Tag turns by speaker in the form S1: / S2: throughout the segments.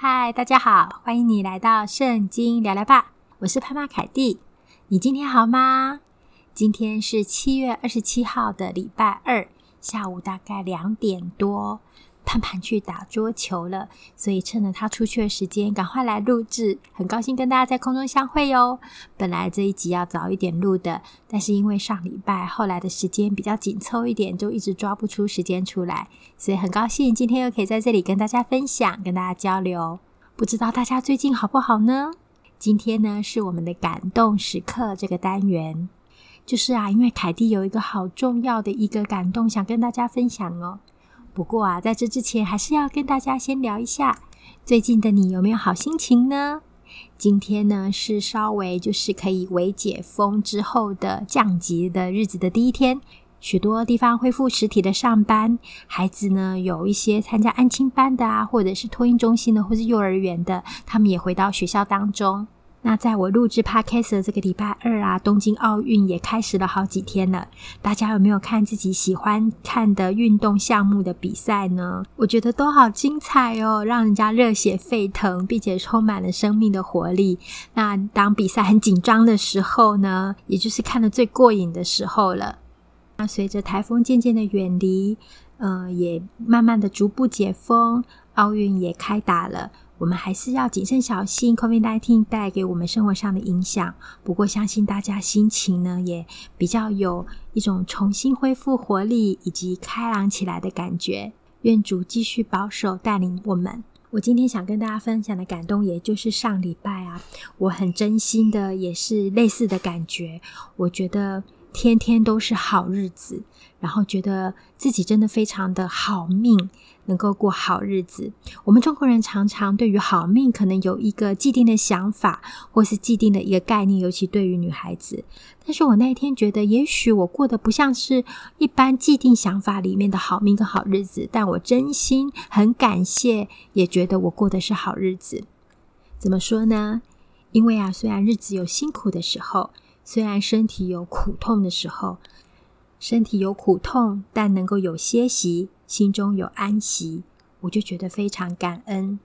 S1: 嗨，大家好，歡迎你來到聖經聊聊吧，我是潘媽凱蒂。你今天好嗎？今天是七月二十七號的禮拜二，下午大概兩點多。盼盼去打桌球了，所以趁着他出去的時間，趕快來錄制。很高興跟大家在空中相會喲。本來這一集要早一點錄的，但是因為上禮拜後來的時間比較緊湊一點，就一直抓不出時間出來。所以很高興今天又可以在這裡跟大家分享，跟大家交流。不知道大家最近好不好呢？今天呢，是我們的感動時刻這個單元，就是啊，因為凱蒂有一個好重要的一個感動，想跟大家分享哦。不過啊，在這之前還是要跟大家先聊一下，最近的你有沒有好心情呢？今天呢是稍微就是可以微解封之後的降級的日子的第一天，許多地方恢復實體的上班，孩子呢有一些參加安親班的啊，或者是托嬰中心的，或是幼兒園的，他們也回到學校當中。那在我錄製 Podcast 的這個禮拜二啊，東京奧運也開始了好幾天了。大家有沒有看自己喜歡看的運動項目的比賽呢？我覺得都好精彩哦，讓人家熱血沸騰，並且充滿了生命的活力。那當比賽很緊張的時候呢，也就是看得最過癮的時候了。那隨着台風漸漸的遠離，呃，也慢慢的逐步解封，奧運也開打了。我們還是要謹慎小心，COVID-19 帶給我們生活上的影響。不過，相信大家心情呢，也比較有一種重新恢復活力以及開朗起來的感覺。願主繼續保守帶領我們。我今天想跟大家分享的感動，也就是上禮拜啊，我很真心的，也是類似的感覺。我覺得天天都是好日子，然後覺得自己真的非常的好命。能夠過好日子，我們中國人常常對於好命可能有一個既定的想法，或是既定的一個概念，尤其對於女孩子。但是我那一天覺得，也許我過得不像是一般既定想法裡面的好命跟好日子，但我真心很感謝，也覺得我過的是好日子。怎麼說呢？因為啊，雖然日子有辛苦的時候，雖然身體有苦痛的時候，身體有苦痛，但能夠有歇息。心中有安息，我就覺得非常感恩，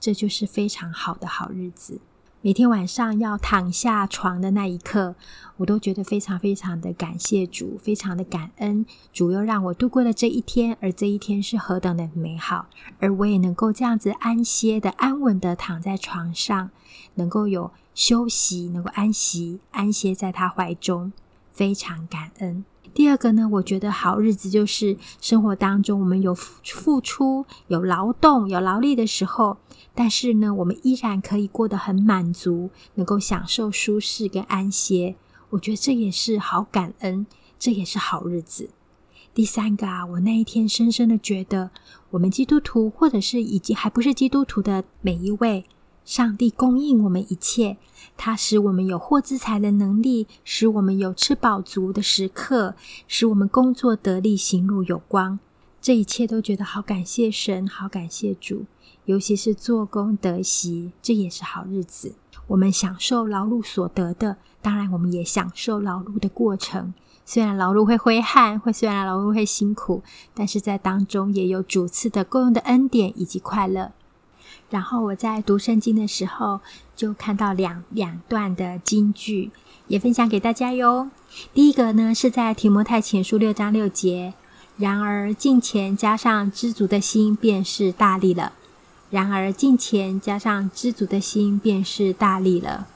S1: 這就是非常好的好日子。每天晚上要躺下床的那一刻，我都覺得非常非常的感謝主，非常的感恩，主又讓我度過了這一天，而這一天是何等的美好，而我也能夠這樣子安歇的、安穩的躺在床上，能夠有休息，能夠安息，安歇在他懷中，非常感恩。第二個呢，我覺得好日子就是生活當中，我們有付出、有勞動、有勞力的時候，但是呢，我們依然可以過得很滿足，能夠享受舒適跟安歇。我覺得這也是好感恩，這也是好日子。第三個啊，我那一天深深的覺得，我們基督徒或者是已經還不是基督徒的每一位。上帝供應我們一切，他使我們有獲資財的能力，使我們有吃飽足的時刻，使我們工作得力，行路有光。這一切都覺得好，感謝神，好感謝主。尤其是做工得喜，這也是好日子。我們享受勞碌所得的，當然我們也享受勞碌的過程。雖然勞碌會揮汗，會雖然勞碌會辛苦，但是在當中也有主賜的夠用的恩典以及快樂。然後我在讀聖經的時候，就看到兩兩段的經句，也分享給大家喲。第一個呢是在提摩太前書六章六節，然而敬虔加上知足的心，便是大利了。然而敬虔加上知足的心，便是大利了。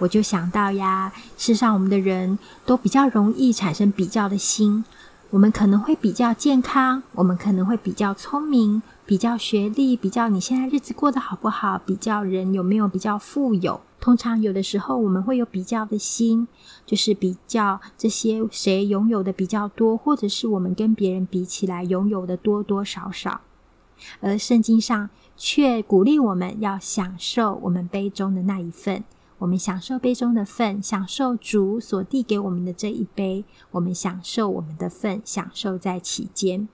S1: 我就想到呀，世上我們的人都比較容易產生比較的心，我們可能會比較健康，我們可能會比較聰明。比較學歷，比較你現在日子過得好不好？比較人有沒有比較富有？通常有的時候，我們會有比較的心，就是比較這些誰擁有的比較多，或者是我們跟別人比起來擁有的多多少少。而聖經上卻鼓勵我們要享受我們杯中的那一份，我們享受杯中的份，享受主所遞給我們的這一杯，我們享受我們的份，享受在其間。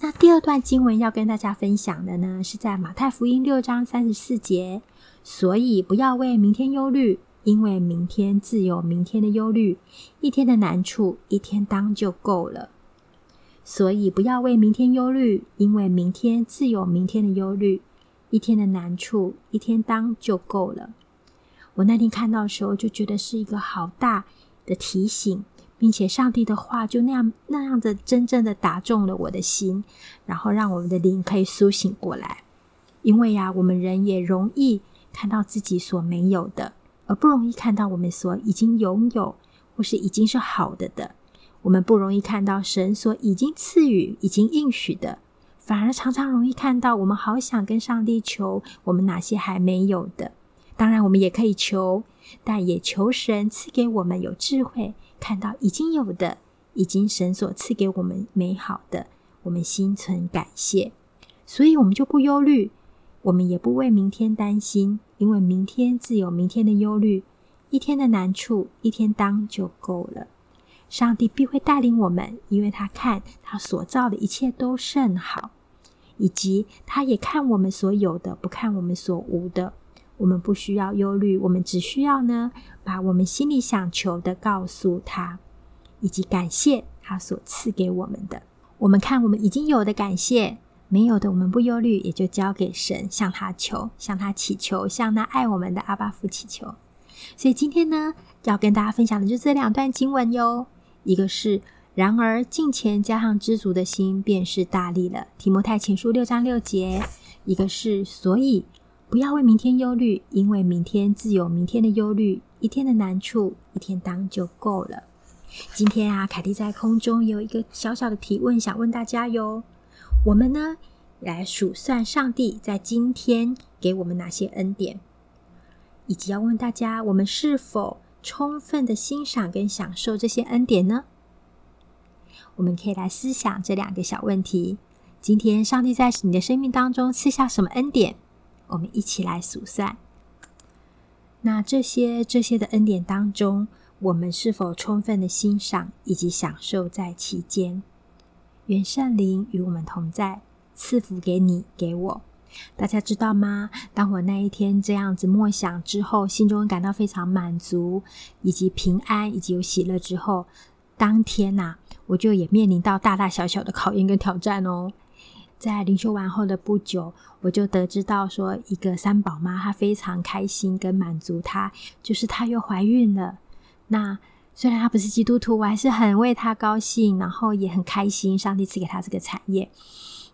S1: 那第二段經文要跟大家分享的呢，是在馬太福音六章三十四節。所以不要為明天憂慮，因為明天自有明天的憂慮，一天的難處一天當就夠了。所以不要為明天憂慮，因為明天自有明天的憂慮，一天的難處一天當就夠了。我那天看到的時候就覺得是一個好大的提醒。並且，上帝的話就那樣那樣的真正的打中了我的心，然後讓我們的靈可以甦醒過來。因為呀，我們人也容易看到自己所沒有的，而不容易看到我們所已經擁有或是已經是好的的。我們不容易看到神所已經賜予、已經應許的，反而常常容易看到我們好想跟上帝求我們哪些還沒有的。當然，我們也可以求，但也求神賜給我們有智慧。看到已經有的，已經神所賜給我們美好的，我們心存感謝，所以我們就不憂慮，我們也不為明天擔心，因為明天自有明天的憂慮，一天的難處，一天當就夠了。上帝必會帶領我們，因為他看他所造的一切都甚好，以及他也看我們所有的，不看我們所無的。我們不需要憂慮，我們只需要呢，把我們心裡想求的告訴他，以及感謝他所賜給我們的。我們看我們已經有的感謝，沒有的我們不憂慮，也就交給神，向他求，向他祈求，向那愛我們的阿爸父祈求。所以今天呢，要跟大家分享的就是這兩段經文喲。一個是“然而敬虔加上知足的心，便是大利了”，提摩太前書六章六節；一個是“所以”。不要為明天憂慮，因為明天自有明天的憂慮。一天的難處，一天當就夠了。今天啊，凱蒂在空中有一個小小的提問，想問大家喲：我們呢，來數算上帝在今天給我們哪些恩典，以及要問大家，我們是否充分的欣賞跟享受這些恩典呢？我們可以來思想這兩個小問題：今天上帝在你的生命當中賜下什麼恩典？我們一起來數算。那這些這些的恩典當中，我們是否充分的欣賞以及享受在其間？願聖靈與我們同在，賜福給你給我。大家知道嗎？當我那一天這樣子默想之後，心中感到非常滿足，以及平安，以及有喜樂之後，當天吶、啊，我就也面臨到大大小小的考驗跟挑戰哦。在靈修完後的不久，我就得知到說，一個三寶媽她非常開心跟滿足她，她就是她又懷孕了。那雖然她不是基督徒，我還是很為她高興，然後也很開心，上帝賜給她這個產業。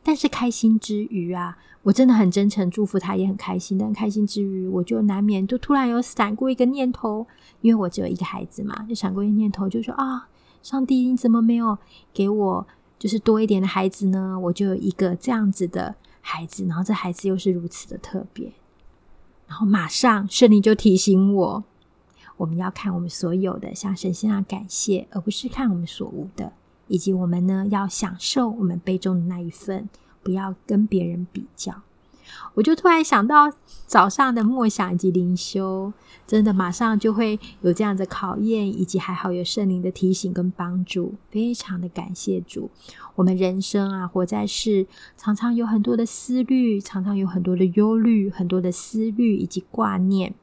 S1: 但是開心之餘啊，我真的很真誠祝福她，也很開心。但開心之餘，我就難免就突然有閃過一個念頭，因為我只有一個孩子嘛，就閃過一個念頭，就說啊，上帝你怎麼沒有給我？就是多一點的孩子呢，我就有一個這樣子的孩子，然後這孩子又是如此的特別，然後馬上聖靈就提醒我，我們要看我們所有的，向神獻上感謝，而不是看我們所無的，以及我們呢要享受我們杯中的那一份，不要跟別人比較。我就突然想到早上的默想以及靈修，真的馬上就會有這樣的考驗，以及還好有聖靈的提醒跟幫助，非常的感謝主。我們人生啊，活在世常常有很多的思慮，常常有很多的憂慮、很多的思慮以及掛念。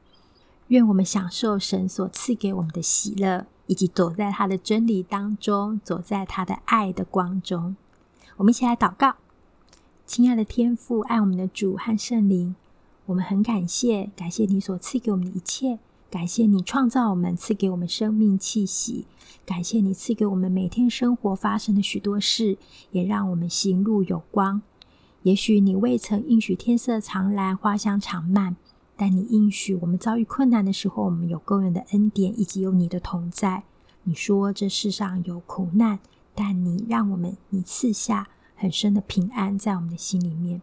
S1: 願我們享受神所賜給我們的喜樂，以及走在他的真理當中，走在他的愛的光中。我們一起來禱告。親愛的天父，愛我們的主和聖靈，我們很感謝，感謝你所賜給我們的一切，感謝你創造我們，賜給我們生命氣息，感謝你賜給我們每天生活發生的許多事，也讓我們行路有光。也許你未曾應許天色常藍，花香常漫，但你應許我們遭遇困難的時候，我們有夠用的恩典，以及有你的同在。你說這世上有苦難，但你讓我們你賜下很深的平安在我們的心裡面。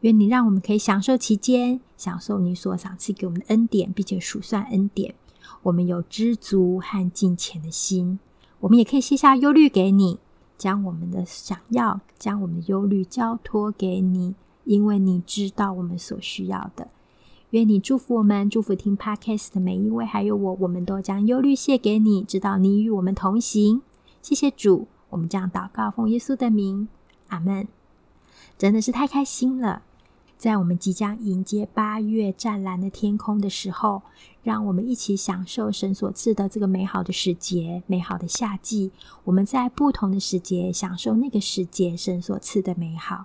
S1: 願你讓我們可以享受其間，享受你所賞賜給我們的恩典，並且數算恩典。我們有知足和敬虔的心，我們也可以卸下憂慮給你，將我們的想要，將我們的憂慮交托給你，因為你知道我們所需要的。願你祝福我們，祝福聽 Podcast 的每一位，還有我，我們都將憂慮卸給你，知道你與我們同行。謝謝主，我們這樣禱告，奉耶穌的名。阿門！真的是太開心了。在我們即將迎接八月湛藍的天空的時候，讓我們一起享受神所賜的這個美好的時節，美好的夏季。我們在不同的時節享受那個時節神所賜的美好。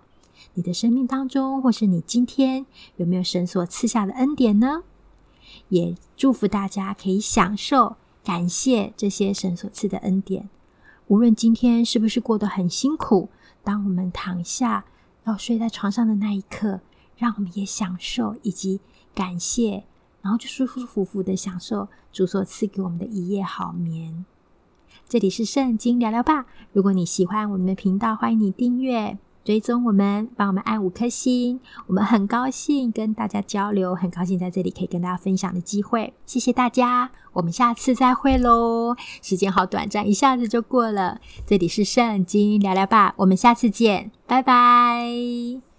S1: 你的生命當中，或是你今天有沒有神所賜下的恩典呢？也祝福大家可以享受，感謝這些神所賜的恩典。無論今天是不是過得很辛苦。當我們躺下，要睡在床上的那一刻，讓我們也享受以及感謝，然後就舒舒服服的享受主所賜給我們的一夜好眠。這裡是聖經聊聊吧，如果你喜歡我們的頻道，歡迎你訂閱。追蹤我們，幫我們按五顆星，我們很高興跟大家交流，很高興在這裡可以跟大家分享的機會，謝謝大家，我們下次再會嘍，時間好短暫，一下子就過了，這裡是聖經聊聊吧，我們下次見，拜拜。